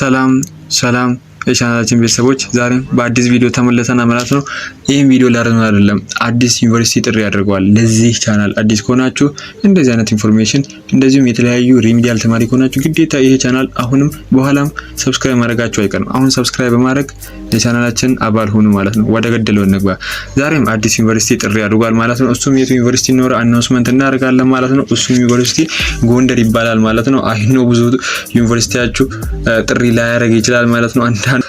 ሰላም ሰላም የቻናላችን ቤተሰቦች ዛሬም በአዲስ ቪዲዮ ተመለሰና ማለት ነው። ይህም ቪዲዮ ላረዝም አይደለም፣ አዲስ ዩኒቨርሲቲ ጥሪ ያደርገዋል። ለዚህ ቻናል አዲስ ከሆናችሁ እንደዚህ አይነት ኢንፎርሜሽን እንደዚሁም የተለያዩ ሪሚዲያል ተማሪ ከሆናችሁ ግዴታ ይሄ ቻናል አሁንም በኋላም ሰብስክራይብ ማድረጋችሁ አይቀርም። አሁን ሰብስክራይብ በማድረግ የቻናላችን አባል ሁኑ ማለት ነው። ወደ ገደለው እንግባ። ዛሬም አዲስ ዩኒቨርሲቲ ጥሪ አድርጓል ማለት ነው። እሱም የቱ ዩኒቨርሲቲ ኖር አናውንስመንት እናደርጋለን ማለት ነው። እሱም ዩኒቨርሲቲ ጎንደር ይባላል ማለት ነው። አይኖ ብዙ ዩኒቨርሲቲያችሁ ጥሪ ላያደርግ ይችላል ማለት ነው። አንዳንድ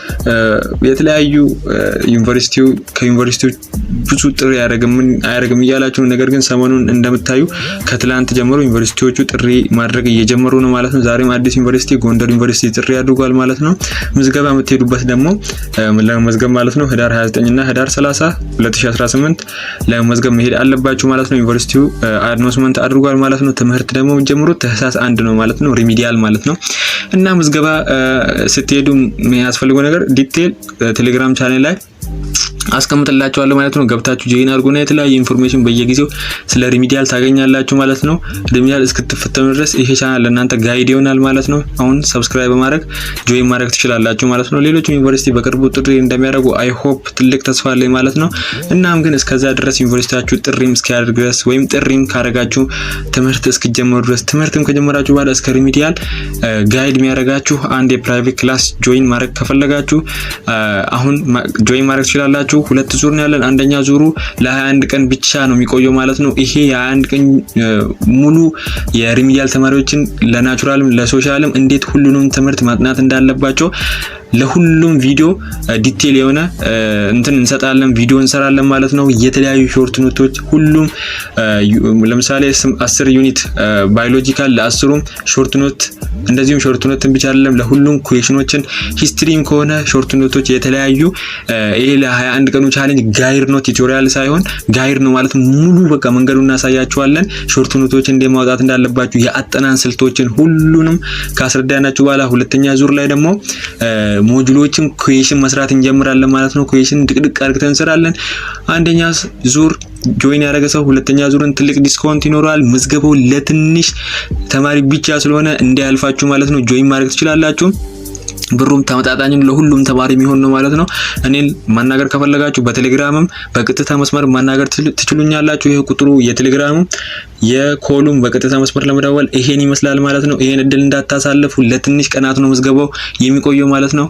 የተለያዩ ዩኒቨርሲቲው ከዩኒቨርሲቲው ብዙ ጥሪ አያደርግም እያላችሁ ነገር ግን ሰሞኑን እንደምታዩ ከትላንት ጀምሮ ዩኒቨርሲቲዎቹ ጥሪ ማድረግ እየጀመሩ ነው ማለት ነው። ዛሬም አዲስ ዩኒቨርሲቲ ጎንደር ዩኒቨርሲቲ ጥሪ አድርጓል ማለት ነው። ምዝገባ የምትሄዱበት ደግሞ ለመመዝገብ ማለት ነው ህዳር 29 እና ህዳር 30 2018 ለመመዝገብ መሄድ አለባችሁ ማለት ነው። ዩኒቨርሲቲው አድኖስመንት አድርጓል ማለት ነው። ትምህርት ደግሞ ጀምሮ ተህሳስ አንድ ነው ማለት ነው። ሪሚዲያል ማለት ነው። እና ምዝገባ ስትሄዱ የሚያስፈልገው ነገር ዲቴል ቴሌግራም ቻኔል ላይ አስቀምጥላችኋለሁ ማለት ነው። ገብታችሁ ጆይን አድርጉና የተለያየ ኢንፎርሜሽን በየጊዜው ስለ ሪሚዲያል ታገኛላችሁ ማለት ነው። ሪሚዲያል እስክትፈተኑ ድረስ ይሄ ቻናል ለእናንተ ጋይድ ይሆናል ማለት ነው። አሁን ሰብስክራይብ በማድረግ ጆይን ማድረግ ትችላላችሁ ማለት ነው። ሌሎች ዩኒቨርሲቲ በቅርቡ ጥሪ እንደሚያደርጉ አይ ሆፕ ትልቅ ተስፋ አለኝ ማለት ነው። እናም ግን እስከዛ ድረስ ዩኒቨርሲቲያችሁ ጥሪም እስኪያደርግ ድረስ ወይም ጥሪም ካደረጋችሁ ትምህርት እስኪጀመሩ ድረስ ትምህርትም ከጀመራችሁ በኋላ እስከ ሪሚዲያል ጋይድ uh, የሚያደርጋችሁ አንድ የፕራይቬት ክላስ ጆይን ማድረግ ከፈለጋችሁ uh, አሁን ጆይን ማድረግ ትችላላችሁ። ታውቃላችሁ። ሁለት ዙር ነው ያለን። አንደኛ ዙሩ ለ21 ቀን ብቻ ነው የሚቆየው ማለት ነው። ይሄ የ21 ቀን ሙሉ የሪሚዲያል ተማሪዎችን ለናቹራልም ለሶሻልም እንዴት ሁሉንም ትምህርት ማጥናት እንዳለባቸው ለሁሉም ቪዲዮ ዲቴል የሆነ እንትን እንሰጣለን፣ ቪዲዮ እንሰራለን ማለት ነው። የተለያዩ ሾርት ኖቶች ሁሉም ለምሳሌ አስር ዩኒት ባዮሎጂካል ለአስሩም ሾርት ኖት እንደዚሁም ሾርት ኖትን ብቻ አይደለም ለሁሉም ኩዌሽኖችን ሂስትሪም ከሆነ ሾርት ኖቶች የተለያዩ ይሄ ለ21 ቀኑ ቻሌንጅ ጋይድ ነው፣ ቲዩቶሪያል ሳይሆን ጋይድ ነው ማለት ሙሉ በቃ መንገዱ እናሳያችኋለን። ሾርት ኖቶች እንዴት ማውጣት እንዳለባችሁ የአጠናን ስልቶችን ሁሉንም ካስረዳናችሁ በኋላ ሁለተኛ ዙር ላይ ደግሞ ሞጁሎችን ኩዌሽን መስራት እንጀምራለን ማለት ነው። ኩዌሽን ድቅድቅ አድርገን እንሰራለን። አንደኛ ዙር ጆይን ያደረገ ሰው ሁለተኛ ዙርን ትልቅ ዲስካውንት ይኖረዋል። ምዝገባው ለትንሽ ተማሪ ብቻ ስለሆነ እንዳያልፋችሁ ማለት ነው። ጆይን ማድረግ ትችላላችሁ። ብሩም ተመጣጣኝ ለሁሉም ተማሪ የሚሆን ነው ማለት ነው። እኔን ማናገር ከፈለጋችሁ በቴሌግራምም በቀጥታ መስመር ማናገር ትችሉኛላችሁ። ይሄ ቁጥሩ የቴሌግራሙ የኮሉም በቀጥታ መስመር ለመደወል ይሄን ይመስላል ማለት ነው። ይሄን እድል እንዳታሳልፉ። ለትንሽ ቀናት ነው ምዝገባው የሚቆየው ማለት ነው።